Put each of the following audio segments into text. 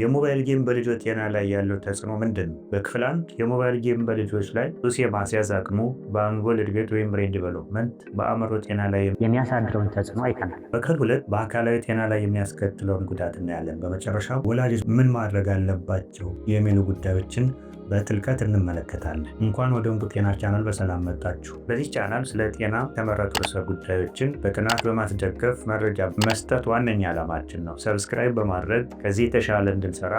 የሞባይል ጌም በልጆች ጤና ላይ ያለው ተጽዕኖ ምንድን ነው? በክፍል አንድ የሞባይል ጌም በልጆች ላይ ሱስ የማስያዝ አቅሙ፣ በአንጎል እድገት ወይም ብሬን ዲቨሎፕመንት፣ በአእምሮ ጤና ላይ የሚያሳድረውን ተጽዕኖ አይተናል። በክፍል ሁለት በአካላዊ ጤና ላይ የሚያስከትለውን ጉዳት እናያለን። በመጨረሻ ወላጆች ምን ማድረግ አለባቸው የሚሉ ጉዳዮችን በጥልቀት እንመለከታለን። እንኳን ወደ እንቁ ጤና ቻናል በሰላም መጣችሁ። በዚህ ቻናል ስለ ጤና ተመረጡ ርዕሰ ጉዳዮችን በጥናት በማስደገፍ መረጃ መስጠት ዋነኛ ዓላማችን ነው። ሰብስክራይብ በማድረግ ከዚህ የተሻለ እንድንሰራ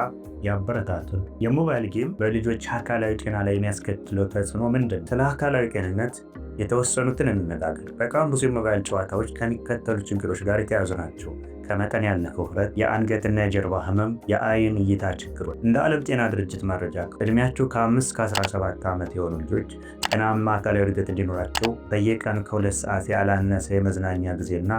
ያበረታቱን። የሞባይል ጌም በልጆች አካላዊ ጤና ላይ የሚያስከትለው ተጽዕኖ ምንድን ስለ አካላዊ ጤንነት የተወሰኑትን እንነጋገር። በጣም ብዙ የሞባይል ጨዋታዎች ከሚከተሉ ችግሮች ጋር የተያዙ ናቸው። ከመጠን ያለፈ ውፍረት፣ የአንገትና የጀርባ ህመም፣ የአይን እይታ ችግሮች። እንደ ዓለም ጤና ድርጅት መረጃ እድሜያቸው ከ5 እስከ 17 ዓመት የሆኑ ልጆች ጤናማ አካላዊ እድገት እንዲኖራቸው በየቀኑ ከሁለት ሰዓት ያላነሰ የመዝናኛ ጊዜና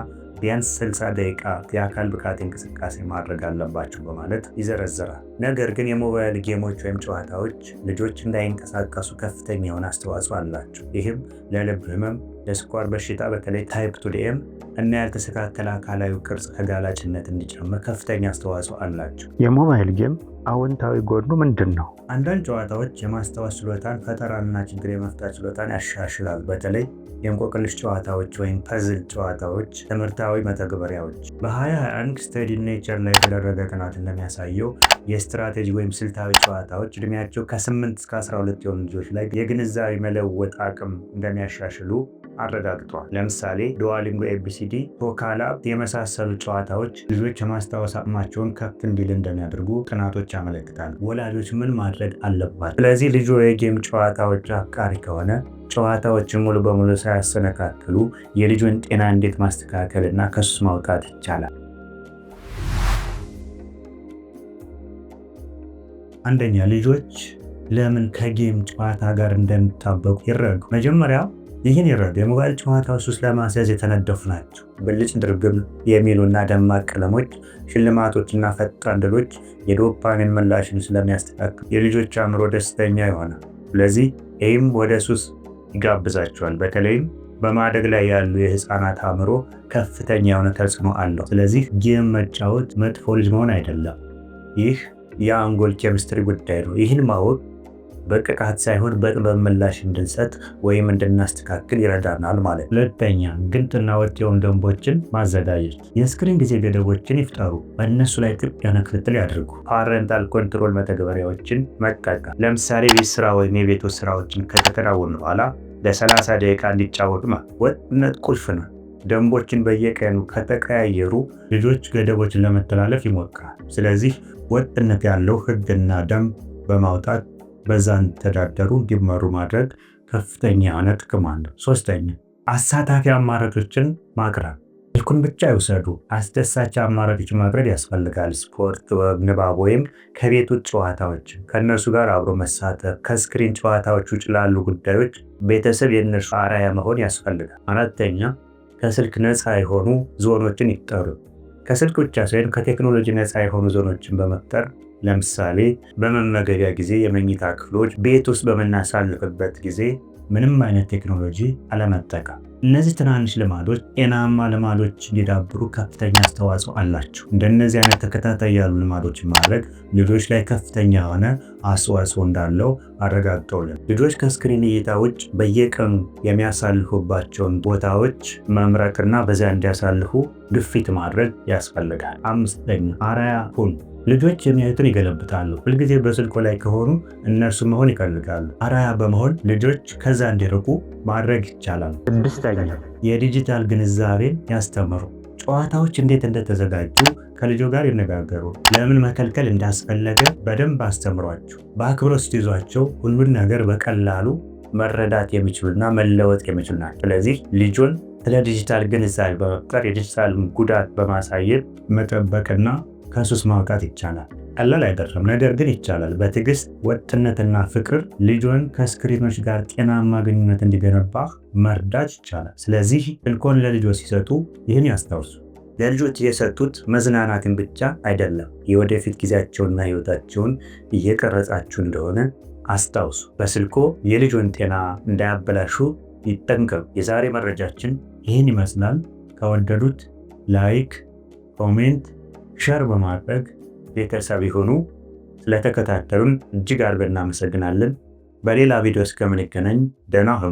ቢያንስ 60 ደቂቃ የአካል ብቃት እንቅስቃሴ ማድረግ አለባችሁ በማለት ይዘረዝራል። ነገር ግን የሞባይል ጌሞች ወይም ጨዋታዎች ልጆች እንዳይንቀሳቀሱ ከፍተኛ የሆነ አስተዋጽኦ አላቸው። ይህም ለልብ ህመም ለስኳር በሽታ በተለይ ታይፕ ቱዲኤም ዲኤም እና ያልተስተካከለ አካላዊ ቅርጽ ተጋላጭነት እንዲጨምር ከፍተኛ አስተዋጽኦ አላቸው። የሞባይል ጌም አዎንታዊ ጎኑ ምንድን ነው? አንዳንድ ጨዋታዎች የማስታወስ ችሎታን፣ ፈጠራና ችግር የመፍታት ችሎታን ያሻሽላል። በተለይ የእንቆቅልሽ ጨዋታዎች ወይም ፐዝል ጨዋታዎች፣ ትምህርታዊ መተግበሪያዎች። በ2021 ስተዲ ኔቸር ላይ የተደረገ ጥናት እንደሚያሳየው የስትራቴጂ ወይም ስልታዊ ጨዋታዎች እድሜያቸው ከ8 እስከ 12 የሆኑ ልጆች ላይ የግንዛቤ መለወጥ አቅም እንደሚያሻሽሉ አረጋግጧል። ለምሳሌ ዶዋሊንጎ ኤቢሲዲ፣ ቶካላፕ የመሳሰሉ ጨዋታዎች ልጆች የማስታወስ አቅማቸውን ከፍ እንዲል እንደሚያደርጉ ጥናቶች ያመለክታሉ። ወላጆች ምን ማድረግ አለባቸው? ስለዚህ ልጆ የጌም ጨዋታዎች አፍቃሪ ከሆነ ጨዋታዎችን ሙሉ በሙሉ ሳያሰነካክሉ የልጁን ጤና እንዴት ማስተካከል እና ከሱ ማውጣት ይቻላል? አንደኛ ልጆች ለምን ከጌም ጨዋታ ጋር እንደሚታበቁ ይረዱ። መጀመሪያ ይህን ይረዱ የሞባይል ጨዋታ ውስጥ ለማስያዝ የተነደፉ ናቸው። ብልጭ ድርግም የሚሉና ደማቅ ቀለሞች፣ ሽልማቶችና ፈጣን ድሎች የዶፓሚን ምላሽን ስለሚያስተካክል የልጆች አእምሮ ደስተኛ ይሆናል። ስለዚህ ይህም ወደ ሱስ ይጋብዛቸዋል። በተለይም በማደግ ላይ ያሉ የህፃናት አእምሮ ከፍተኛ የሆነ ተጽዕኖ አለው። ስለዚህ ጌም መጫወት መጥፎ ልጅ መሆን አይደለም። ይህ የአንጎል ኬሚስትሪ ጉዳይ ነው። ይህን ማወቅ በቅቃት ሳይሆን በጥበብ ምላሽ እንድንሰጥ ወይም እንድናስተካክል ይረዳናል ማለት። ሁለተኛ ግልጥና ወጥ የሆኑ ደንቦችን ማዘጋጀት። የስክሪን ጊዜ ገደቦችን ይፍጠሩ፣ በእነሱ ላይ ጥብቅ የሆነ ክትትል ያድርጉ። ፓረንታል ኮንትሮል መተግበሪያዎችን መጠቀም፣ ለምሳሌ ቤት ስራ ወይም የቤቶ ስራዎችን ከተከናወኑ በኋላ ለሰላሳ ደቂቃ እንዲጫወቱ ወጥነት ቁልፍ ነው። ደንቦችን በየቀኑ ከተቀያየሩ ልጆች ገደቦችን ለመተላለፍ ይሞክራል። ስለዚህ ወጥነት ያለው ህግና ደንብ በማውጣት በዛ እንዲተዳደሩ እንዲመሩ ማድረግ ከፍተኛ የሆነ ጥቅም አለው። ሶስተኛ አሳታፊ አማራጮችን ማቅረብ ስልኩን ብቻ ይውሰዱ። አስደሳች አማራጮች ማቅረብ ያስፈልጋል። ስፖርት፣ ንባብ ወይም ከቤት ውጭ ጨዋታዎች ከእነርሱ ጋር አብሮ መሳተፍ፣ ከስክሪን ጨዋታዎች ውጭ ላሉ ጉዳዮች ቤተሰብ የእነርሱ አራያ መሆን ያስፈልጋል። አራተኛ ከስልክ ነፃ የሆኑ ዞኖችን ይጠሩ። ከስልክ ብቻ ሳይሆን ከቴክኖሎጂ ነፃ የሆኑ ዞኖችን በመፍጠር ለምሳሌ በመመገቢያ ጊዜ፣ የመኝታ ክፍሎች፣ ቤት ውስጥ በምናሳልፍበት ጊዜ ምንም አይነት ቴክኖሎጂ አለመጠቀም። እነዚህ ትናንሽ ልማዶች ጤናማ ልማዶች እንዲዳብሩ ከፍተኛ አስተዋጽኦ አላቸው። እንደነዚህ አይነት ተከታታይ ያሉ ልማዶችን ማድረግ ልጆች ላይ ከፍተኛ የሆነ አስተዋጽኦ እንዳለው አረጋግጠውልን። ልጆች ከስክሪን እይታ ውጭ በየቀኑ የሚያሳልፉባቸውን ቦታዎች መምረጥና በዚያ እንዲያሳልፉ ግፊት ማድረግ ያስፈልጋል። አምስተኛ አርአያ ሁን። ልጆች የሚያዩትን ይገለብታሉ። ሁልጊዜ በስልኮ ላይ ከሆኑ እነርሱ መሆን ይፈልጋሉ። አራያ በመሆን ልጆች ከዛ እንዲርቁ ማድረግ ይቻላል። ስድስተኛ የዲጂታል ግንዛቤን ያስተምሩ። ጨዋታዎች እንዴት እንደተዘጋጁ ከልጆ ጋር ይነጋገሩ። ለምን መከልከል እንዳስፈለገ በደንብ አስተምሯቸው። በአክብሮት ስትይዟቸው ሁሉን ነገር በቀላሉ መረዳት የሚችሉና መለወጥ የሚችሉ ናቸው። ስለዚህ ልጆን ስለ ዲጂታል ግንዛቤ በመፍጠር የዲጂታል ጉዳት በማሳየት መጠበቅና ከሱስ ማውጣት ይቻላል። ቀላል አይደለም፣ ነገር ግን ይቻላል። በትዕግስት ወጥነትና ፍቅር ልጆን ከስክሪኖች ጋር ጤናማ ግንኙነት እንዲገነባ መርዳት ይቻላል። ስለዚህ ስልኮን ለልጆ ሲሰጡ ይህን ያስታውሱ። ለልጆች የሰጡት መዝናናትን ብቻ አይደለም፣ የወደፊት ጊዜያቸውንና ህይወታቸውን እየቀረጻችሁ እንደሆነ አስታውሱ። በስልኮ የልጆን ጤና እንዳያበላሹ ይጠንቀቁ። የዛሬ መረጃችን ይህን ይመስላል። ከወደዱት ላይክ፣ ኮሜንት ሸር በማድረግ ቤተሰብ የሆኑ ስለተከታተሉን እጅግ አድርገን እናመሰግናለን። በሌላ ቪዲዮ እስከምንገናኝ ደህና ሁኑ።